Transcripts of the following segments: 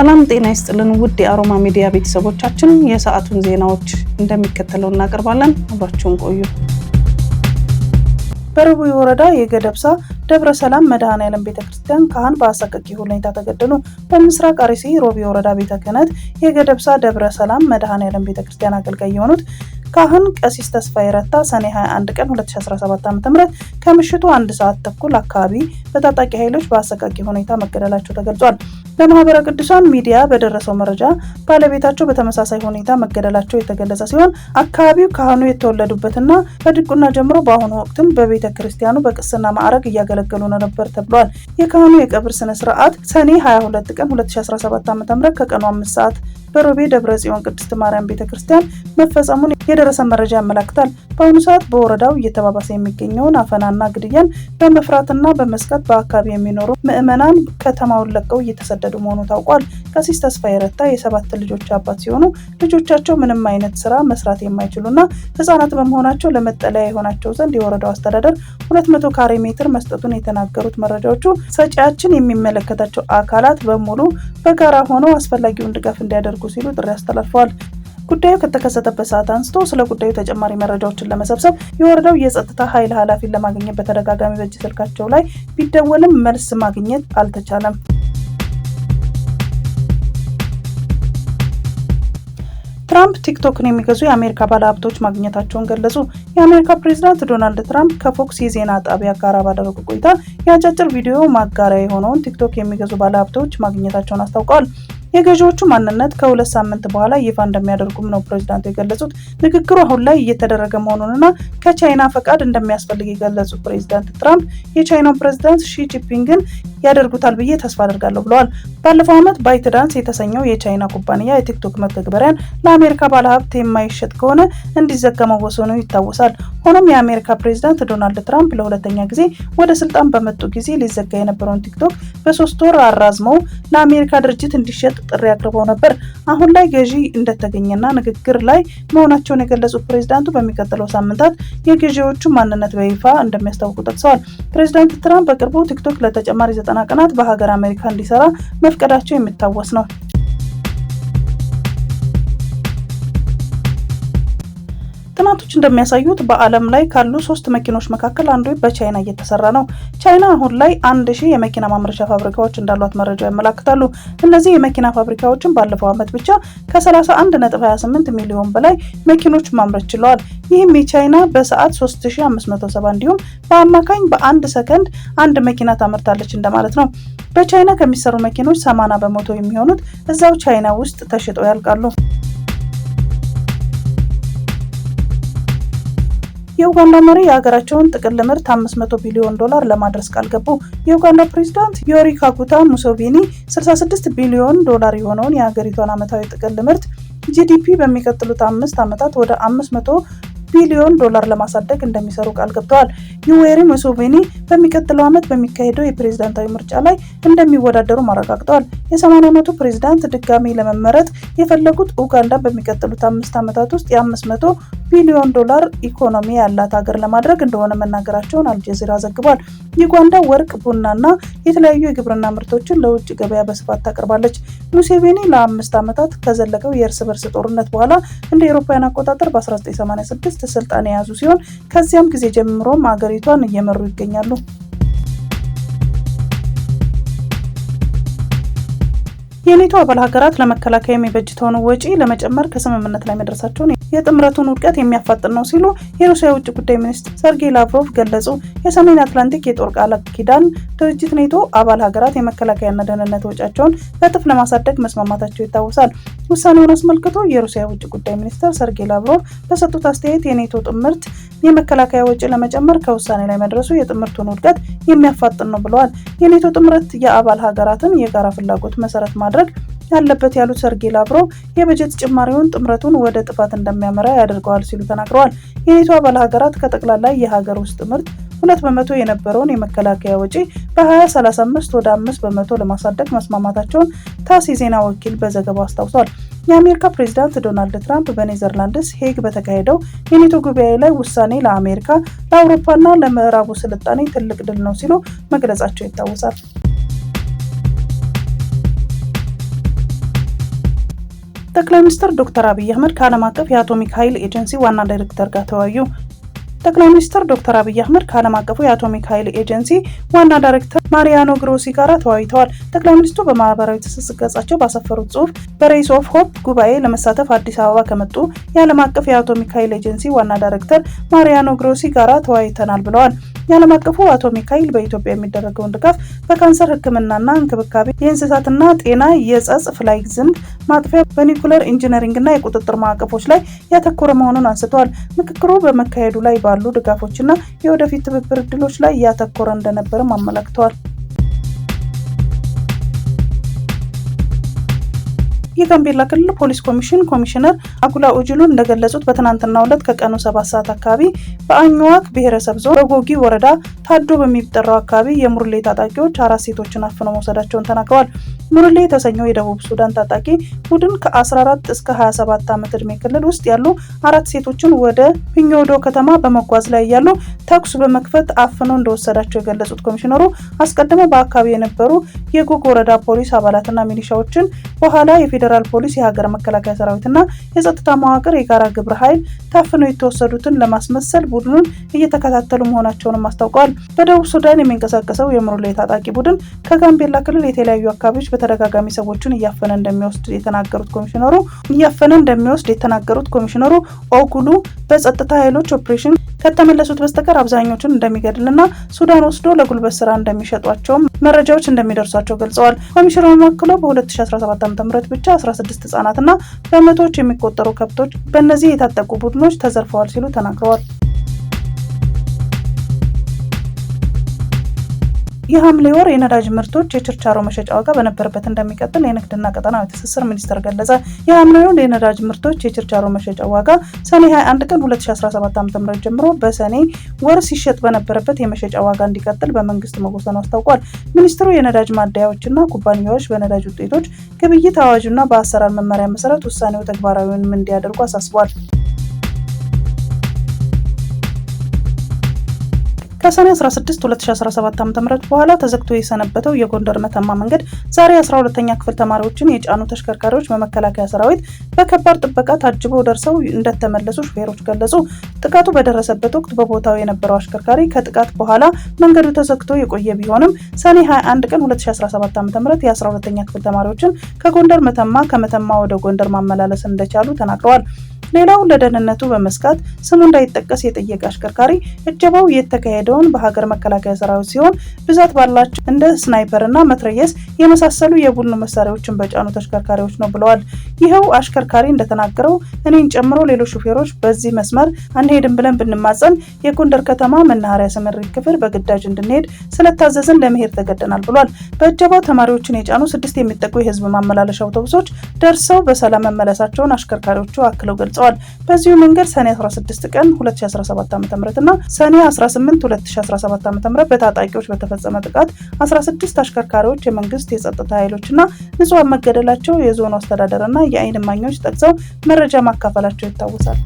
ሰላም ጤና ይስጥልን ውድ የአሮማ ሚዲያ ቤተሰቦቻችን፣ የሰዓቱን ዜናዎች እንደሚከተለው እናቀርባለን። አብራችሁን ቆዩ። በርቡይ ወረዳ የገደብሳ ደብረ ሰላም መድሃን ያለም ቤተ ክርስቲያን ካህን በአሰቃቂ ሁኔታ ተገደሉ። በምስራቅ አርሲ ሮቢ ወረዳ ቤተ ክህነት የገደብሳ ደብረ ሰላም መድሃን ያለም ቤተ ክርስቲያን አገልጋይ የሆኑት ካህን ቀሲስ ተስፋዬ ረታ ሰኔ 21 ቀን 2017 ዓ.ም ከምሽቱ አንድ ሰዓት ተኩል አካባቢ በታጣቂ ኃይሎች በአሰቃቂ ሁኔታ መገደላቸው ተገልጿል። ለማህበረ ቅዱሳን ሚዲያ በደረሰው መረጃ ባለቤታቸው በተመሳሳይ ሁኔታ መገደላቸው የተገለጸ ሲሆን አካባቢው ካህኑ የተወለዱበትና በድቁና ጀምሮ በአሁኑ ወቅትም በቤተ ክርስቲያኑ በቅስና ማዕረግ እያገለገሉ ነበር ተብሏል። የካህኑ የቀብር ስነ ስርዓት ሰኔ 22 ቀን 2017 ዓ.ም ከቀኑ 5 ሰዓት በሮቤ ደብረ ጽዮን ቅድስት ማርያም ቤተ ክርስቲያን መፈጸሙን የደረሰ መረጃ ያመላክታል። በአሁኑ ሰዓት በወረዳው እየተባባሰ የሚገኘውን አፈናና ግድያን በመፍራትና በመስጋት በአካባቢ የሚኖሩ ምዕመናን ከተማውን ለቀው እየተሰደዱ መሆኑ ታውቋል። ቀሲስ ተስፋ የረታ የሰባት ልጆች አባት ሲሆኑ ልጆቻቸው ምንም አይነት ስራ መስራት የማይችሉና ህጻናት በመሆናቸው ለመጠለያ የሆናቸው ዘንድ የወረዳው አስተዳደር ሁለት መቶ ካሬ ሜትር መስጠቱን የተናገሩት መረጃዎቹ ሰጪያችን የሚመለከታቸው አካላት በሙሉ በጋራ ሆነው አስፈላጊውን ድጋፍ እንዲያደርጉ እንዲያደርጉ ሲሉ ጥሪ አስተላልፈዋል። ጉዳዩ ከተከሰተበት ሰዓት አንስቶ ስለ ጉዳዩ ተጨማሪ መረጃዎችን ለመሰብሰብ የወረዳው የጸጥታ ኃይል ኃላፊን ለማግኘት በተደጋጋሚ በእጅ ስልካቸው ላይ ቢደወልም መልስ ማግኘት አልተቻለም። ትራምፕ ቲክቶክን የሚገዙ የአሜሪካ ባለሀብቶች ማግኘታቸውን ገለጹ። የአሜሪካ ፕሬዚዳንት ዶናልድ ትራምፕ ከፎክስ የዜና ጣቢያ ጋር ባደረጉ ቆይታ የአጫጭር ቪዲዮ ማጋሪያ የሆነውን ቲክቶክ የሚገዙ ባለሀብቶች ማግኘታቸውን አስታውቀዋል። የገዢዎቹ ማንነት ከሁለት ሳምንት በኋላ ይፋ እንደሚያደርጉም ነው ፕሬዚዳንቱ የገለጹት። ንግግሩ አሁን ላይ እየተደረገ መሆኑንና ከቻይና ፈቃድ እንደሚያስፈልግ የገለጹት ፕሬዚዳንት ትራምፕ የቻይናው ፕሬዚዳንት ሺ ጂንፒንግን ያደርጉታል ብዬ ተስፋ አደርጋለሁ ብለዋል። ባለፈው ዓመት ባይትዳንስ የተሰኘው የቻይና ኩባንያ የቲክቶክ መተግበሪያን ለአሜሪካ ባለሀብት የማይሸጥ ከሆነ እንዲዘጋ መወሰኑ ይታወሳል። ሆኖም የአሜሪካ ፕሬዚዳንት ዶናልድ ትራምፕ ለሁለተኛ ጊዜ ወደ ስልጣን በመጡ ጊዜ ሊዘጋ የነበረውን ቲክቶክ በሶስት ወር አራዝመው ለአሜሪካ ድርጅት እንዲሸጥ ጥሪ አቅርበው ነበር። አሁን ላይ ገዢ እንደተገኘና ንግግር ላይ መሆናቸውን የገለጹት ፕሬዚዳንቱ በሚቀጥለው ሳምንታት የገዢዎቹ ማንነት በይፋ እንደሚያስታውቁ ጠቅሰዋል። ፕሬዚዳንት ትራምፕ በቅርቡ ቲክቶክ ለተጨማሪ ዘጠና ቀናት በሀገር አሜሪካ እንዲሰራ መፍቀዳቸው የሚታወስ ነው። ጥናቶች እንደሚያሳዩት በዓለም ላይ ካሉ ሶስት መኪኖች መካከል አንዱ በቻይና እየተሰራ ነው። ቻይና አሁን ላይ አንድ ሺህ የመኪና ማምረቻ ፋብሪካዎች እንዳሏት መረጃ ያመላክታሉ። እነዚህ የመኪና ፋብሪካዎችን ባለፈው ዓመት ብቻ ከ31.28 ሚሊዮን በላይ መኪኖች ማምረት ችለዋል። ይህም የቻይና በሰዓት 3570 እንዲሁም በአማካኝ በአንድ ሰከንድ አንድ መኪና ታመርታለች እንደማለት ነው። በቻይና ከሚሰሩ መኪኖች 80 በመቶ የሚሆኑት እዛው ቻይና ውስጥ ተሽጠው ያልቃሉ። የኡጋንዳ መሪ የሀገራቸውን ጥቅል ምርት 500 ቢሊዮን ዶላር ለማድረስ ቃል ገቡ። የኡጋንዳ ፕሬዚዳንት ዮሪ ካጉታ ሙሶቪኒ 66 ቢሊዮን ዶላር የሆነውን የሀገሪቷን ዓመታዊ ጥቅል ምርት ጂዲፒ በሚቀጥሉት አምስት ዓመታት ወደ 500 ቢሊዮን ዶላር ለማሳደግ እንደሚሰሩ ቃል ገብተዋል። ዩዌሪ ሙሴቬኒ በሚቀጥለው ዓመት በሚካሄደው የፕሬዝዳንታዊ ምርጫ ላይ እንደሚወዳደሩ አረጋግጠዋል። የሰማንያ ዓመቱ ፕሬዝዳንት ድጋሚ ለመመረጥ የፈለጉት ኡጋንዳ በሚቀጥሉት አምስት ዓመታት ውስጥ የ 500 ቢሊዮን ዶላር ኢኮኖሚ ያላት ሀገር ለማድረግ እንደሆነ መናገራቸውን አልጀዚራ ዘግቧል። ዩጋንዳ ወርቅ፣ ቡናና የተለያዩ የግብርና ምርቶችን ለውጭ ገበያ በስፋት ታቀርባለች። ሙሴቬኒ ለአምስት ዓመታት ከዘለቀው የእርስ በርስ ጦርነት በኋላ እንደ አውሮፓውያን አቆጣጠር በ1986 መንግስት ስልጣን የያዙ ሲሆን ከዚያም ጊዜ ጀምሮም አገሪቷን እየመሩ ይገኛሉ። የኔቶ አባል ሀገራት ለመከላከያ የሚበጅተውን ወጪ ለመጨመር ከስምምነት ላይ መድረሳቸውን የጥምረቱን ውድቀት የሚያፋጥን ነው ሲሉ የሩሲያ የውጭ ጉዳይ ሚኒስትር ሰርጌይ ላቭሮቭ ገለጹ። የሰሜን አትላንቲክ የጦር ቃል ኪዳን ድርጅት ኔቶ አባል ሀገራት የመከላከያና ደህንነት ወጫቸውን በእጥፍ ለማሳደግ መስማማታቸው ይታወሳል። ውሳኔውን አስመልክቶ የሩሲያ የውጭ ጉዳይ ሚኒስትር ሰርጌይ ላቭሮቭ በሰጡት አስተያየት የኔቶ ጥምርት የመከላከያ ወጪ ለመጨመር ከውሳኔ ላይ መድረሱ የጥምርቱን ውድቀት የሚያፋጥን ነው ብለዋል። የኔቶ ጥምረት የአባል ሀገራትን የጋራ ፍላጎት መሰረት ማድረግ ያለበት ያሉት ሰርጌ ላቭሮቭ የበጀት ጭማሪውን ጥምረቱን ወደ ጥፋት እንደሚያመራ ያደርገዋል ሲሉ ተናግረዋል። የኔቶ አባል ሀገራት ከጠቅላላ የሀገር ውስጥ ምርት ሁለት በመቶ የነበረውን የመከላከያ ወጪ በ2035 ወደ አምስት በመቶ ለማሳደግ መስማማታቸውን ታስ የዜና ወኪል በዘገባው አስታውሷል። የአሜሪካ ፕሬዚዳንት ዶናልድ ትራምፕ በኔዘርላንድስ ሄግ በተካሄደው የኔቶ ጉባኤ ላይ ውሳኔ ለአሜሪካ ለአውሮፓና ለምዕራቡ ስልጣኔ ትልቅ ድል ነው ሲሉ መግለጻቸው ይታወሳል። ጠቅላይ ሚኒስትር ዶክተር አብይ አህመድ ከዓለም አቀፍ የአቶሚክ ኃይል ኤጀንሲ ዋና ዳይሬክተር ጋር ተወያዩ። ጠቅላይ ሚኒስትር ዶክተር አብይ አህመድ ከዓለም አቀፉ የአቶሚክ ኃይል ኤጀንሲ ዋና ዳይሬክተር ማሪያኖ ግሮሲ ጋር ተወያይተዋል። ጠቅላይ ሚኒስትሩ በማህበራዊ ትስስር ገጻቸው ባሰፈሩት ጽሁፍ በሬስ ኦፍ ሆፕ ጉባኤ ለመሳተፍ አዲስ አበባ ከመጡ የዓለም አቀፍ የአቶሚክ ኃይል ኤጀንሲ ዋና ዳይሬክተር ማሪያኖ ግሮሲ ጋር ተወያይተናል ብለዋል። የዓለም አቀፉ አቶ ሚካኤል በኢትዮጵያ የሚደረገውን ድጋፍ በካንሰር ሕክምናና እንክብካቤ፣ የእንስሳትና ጤና፣ የጸጽ ፍላይ ዝንብ ማጥፊያ፣ በኒኩለር ኢንጂነሪንግና የቁጥጥር ማዕቀፎች ላይ ያተኮረ መሆኑን አንስተዋል። ምክክሩ በመካሄዱ ላይ ባሉ ድጋፎችና የወደፊት ትብብር እድሎች ላይ ያተኮረ እንደነበርም አመላክተዋል። የጋምቤላ ክልል ፖሊስ ኮሚሽን ኮሚሽነር አጉላ ኡጅሎ እንደገለጹት በትናንትናው ዕለት ከቀኑ ሰባት ሰዓት አካባቢ በአኝዋክ ብሔረሰብ ዞን በጎጊ ወረዳ ታዶ በሚጠራው አካባቢ የሙርሌ ታጣቂዎች አራት ሴቶችን አፍነው መውሰዳቸውን ተናግረዋል። ሙርሌ የተሰኘው የደቡብ ሱዳን ታጣቂ ቡድን ከ14 እስከ 27 ዓመት ዕድሜ ክልል ውስጥ ያሉ አራት ሴቶችን ወደ ፒኞዶ ከተማ በመጓዝ ላይ ያሉ ተኩስ በመክፈት አፍኖ እንደወሰዳቸው የገለጹት ኮሚሽነሩ አስቀድሞ በአካባቢ የነበሩ የጎግ ወረዳ ፖሊስ አባላትና ሚሊሻዎችን በኋላ የፌዴራል የፌዴራል ፖሊስ፣ የሀገር መከላከያ ሰራዊትና የጸጥታ መዋቅር የጋራ ግብረ ኃይል ታፍነው የተወሰዱትን ለማስመሰል ቡድኑን እየተከታተሉ መሆናቸውንም አስታውቀዋል። በደቡብ ሱዳን የሚንቀሳቀሰው የምሩሌ ታጣቂ ቡድን ከጋምቤላ ክልል የተለያዩ አካባቢዎች በተደጋጋሚ ሰዎችን እያፈነ እንደሚወስድ የተናገሩት ኮሚሽነሩ እያፈነ እንደሚወስድ የተናገሩት ኮሚሽነሩ ኦጉሉ በጸጥታ ኃይሎች ኦፕሬሽን ከተመለሱት በስተቀር አብዛኞቹን እንደሚገድልና ሱዳን ወስዶ ለጉልበት ስራ እንደሚሸጧቸውም መረጃዎች እንደሚደርሷቸው ገልጸዋል። ኮሚሽኑ አክለው በ2017 ዓ.ም ብቻ 16 ህጻናትና በመቶዎች የሚቆጠሩ ከብቶች በእነዚህ የታጠቁ ቡድኖች ተዘርፈዋል ሲሉ ተናግረዋል። የሐምሌ ወር የነዳጅ ምርቶች የችርቻሮ መሸጫ ዋጋ በነበረበት እንደሚቀጥል የንግድና ቀጠናዊ ትስስር ሚኒስቴር ገለጸ። የሐምሌ ወር የነዳጅ ምርቶች የችርቻሮ መሸጫ ዋጋ ሰኔ 21 ቀን 2017 ዓ.ም ጀምሮ በሰኔ ወር ሲሸጥ በነበረበት የመሸጫ ዋጋ እንዲቀጥል በመንግስት መወሰኑ አስታውቋል። ሚኒስትሩ የነዳጅ ማደያዎችና ኩባንያዎች በነዳጅ ውጤቶች ግብይት አዋጁና በአሰራር መመሪያ መሰረት ውሳኔው ተግባራዊውን እንዲያደርጉ አሳስቧል። ከሰኔ 16 2017 ዓ.ም በኋላ ተዘግቶ የሰነበተው የጎንደር መተማ መንገድ ዛሬ 12ኛ ክፍል ተማሪዎችን የጫኑ ተሽከርካሪዎች በመከላከያ ሰራዊት በከባድ ጥበቃ ታጅበው ደርሰው እንደተመለሱ ሹፌሮች ገለጹ። ጥቃቱ በደረሰበት ወቅት በቦታው የነበረው አሽከርካሪ ከጥቃት በኋላ መንገዱ ተዘግቶ የቆየ ቢሆንም ሰኔ 21 ቀን 2017 ዓ.ም የ12ኛ ክፍል ተማሪዎችን ከጎንደር መተማ ከመተማ ወደ ጎንደር ማመላለስ እንደቻሉ ተናግረዋል። ሌላው ለደህንነቱ በመስጋት ስሙ እንዳይጠቀስ የጠየቀ አሽከርካሪ እጀባው የተካሄደውን በሀገር መከላከያ ሰራዊት ሲሆን ብዛት ባላቸው እንደ ስናይፐር እና መትረየስ የመሳሰሉ የቡድኑ መሳሪያዎችን በጫኑ ተሽከርካሪዎች ነው ብለዋል። ይኸው አሽከርካሪ እንደተናገረው እኔን ጨምሮ ሌሎች ሹፌሮች በዚህ መስመር አንሄድም ብለን ብንማጸን የጎንደር ከተማ መናኸሪያ ስምሪት ክፍል በግዳጅ እንድንሄድ ስለታዘዝን ለመሄድ ተገደናል ብሏል። በእጀባው ተማሪዎችን የጫኑ ስድስት የሚጠጉ የህዝብ ማመላለሻ አውቶቡሶች ደርሰው በሰላም መመለሳቸውን አሽከርካሪዎቹ አክለው ገልጸዋል። ገልጸዋል። በዚሁ መንገድ ሰኔ 16 ቀን 2017 ዓ ም እና ሰኔ 18 2017 ዓ ም በታጣቂዎች በተፈጸመ ጥቃት 16 አሽከርካሪዎች የመንግስት የጸጥታ እና ንጹሐን መገደላቸው የዞኑ አስተዳደርና የአይን እማኞች ጠቅሰው መረጃ ማካፈላቸው ይታወሳል።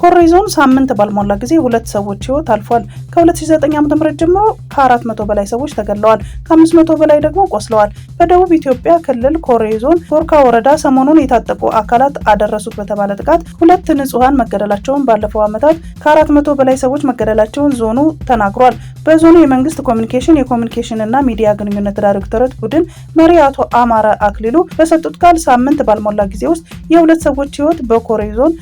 ኮሬ ዞን ሳምንት ባልሞላ ጊዜ ሁለት ሰዎች ህይወት አልፏል። ከ2009 ዓ.ም ጀምሮ ከ400 በላይ ሰዎች ተገለዋል ከ ከ500 በላይ ደግሞ ቆስለዋል። በደቡብ ኢትዮጵያ ክልል ኮሬ ዞን ጎርካ ወረዳ ሰሞኑን የታጠቁ አካላት አደረሱት በተባለ ጥቃት ሁለት ንጹሐን መገደላቸውን፣ ባለፈው ዓመታት ከ400 በላይ ሰዎች መገደላቸውን ዞኑ ተናግሯል። በዞኑ የመንግስት ኮሚኒኬሽን የኮሚኒኬሽን እና ሚዲያ ግንኙነት ዳይሬክተሮች ቡድን መሪ አቶ አማረ አክሊሉ በሰጡት ቃል ሳምንት ባልሞላ ጊዜ ውስጥ የሁለት ሰዎች ህይወት በኮሬ ዞን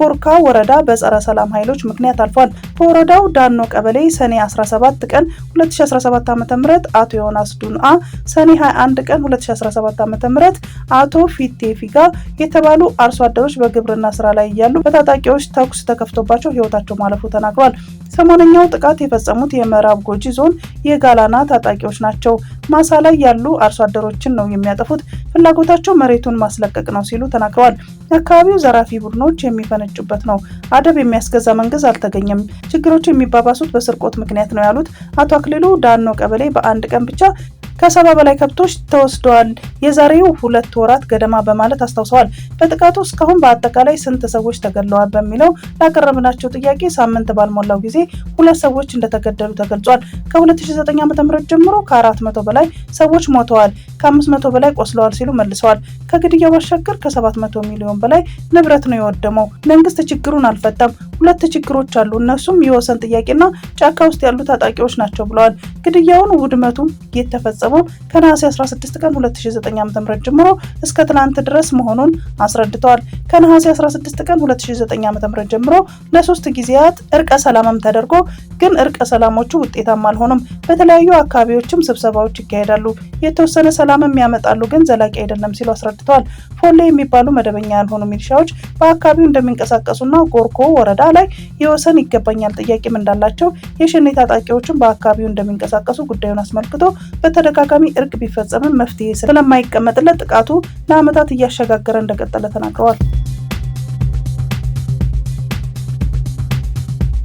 ኮርካ ወረዳ በጸረ ሰላም ኃይሎች ምክንያት አልፏል። በወረዳው ዳኖ ቀበሌ ሰኔ 17 ቀን 2017 ዓ.ም አቶ ዮናስ ዱንአ፣ ሰኔ 21 ቀን 2017 ዓ.ም አቶ ፊቴ ፊጋ የተባሉ አርሶ አደሮች በግብርና ስራ ላይ እያሉ በታጣቂዎች ተኩስ ተከፍቶባቸው ህይወታቸው ማለፉ ተናግሯል። ሰሞነኛው ጥቃት የፈጸሙት የምዕራብ ጎጂ ዞን የጋላና ታጣቂዎች ናቸው። ማሳ ላይ ያሉ አርሶ አደሮችን ነው የሚያጠፉት፣ ፍላጎታቸው መሬቱን ማስለቀቅ ነው ሲሉ ተናግረዋል። አካባቢው ዘራፊ ቡድኖች የሚፈነጩበት ነው፣ አደብ የሚያስገዛ መንግስት አልተገኘም። ችግሮች የሚባባሱት በስርቆት ምክንያት ነው ያሉት አቶ አክሊሉ ዳኖ ቀበሌ በአንድ ቀን ብቻ ከሰባ በላይ ከብቶች ተወስደዋል የዛሬው ሁለት ወራት ገደማ በማለት አስታውሰዋል። በጥቃቱ እስካሁን በአጠቃላይ ስንት ሰዎች ተገድለዋል በሚለው ላቀረብናቸው ጥያቄ ሳምንት ባልሞላው ጊዜ ሁለት ሰዎች እንደተገደሉ ተገልጿል። ከ2009 ዓ ም ጀምሮ ከ400 በላይ ሰዎች ሞተዋል፣ ከ500 በላይ ቆስለዋል ሲሉ መልሰዋል። ከግድያው ባሻገር ከ700 ሚሊዮን በላይ ንብረት ነው የወደመው። መንግስት ችግሩን አልፈታም። ሁለት ችግሮች አሉ፣ እነሱም የወሰን ጥያቄና ጫካ ውስጥ ያሉ ታጣቂዎች ናቸው ብለዋል። ግድያውን ውድመቱን የተፈጸ የተፈጸመው ከነሐሴ 16 ቀን 2009 ዓ.ም ጀምሮ እስከ ትናንት ድረስ መሆኑን አስረድተዋል። ከነሐሴ 16 ቀን 2009 ዓ.ም ጀምሮ ለሶስት ጊዜያት እርቀ ሰላምም ተደርጎ ግን እርቀ ሰላሞቹ ውጤታማ አልሆኑም። በተለያዩ አካባቢዎችም ስብሰባዎች ይካሄዳሉ፣ የተወሰነ ሰላምም ያመጣሉ፣ ግን ዘላቂ አይደለም ሲሉ አስረድተዋል። ፎሌ የሚባሉ መደበኛ ያልሆኑ ሚሊሻዎች በአካባቢው እንደሚንቀሳቀሱና ጎርኮ ወረዳ ላይ የወሰን ይገባኛል ጥያቄም እንዳላቸው የሸኔ ታጣቂዎችን በአካባቢው እንደሚንቀሳቀሱ ጉዳዩን አስመልክቶ በተደ ተደጋጋሚ እርቅ ቢፈጸምም መፍትሄ ስለማይቀመጥለት ጥቃቱ ለዓመታት እያሸጋገረ እንደቀጠለ ተናግረዋል።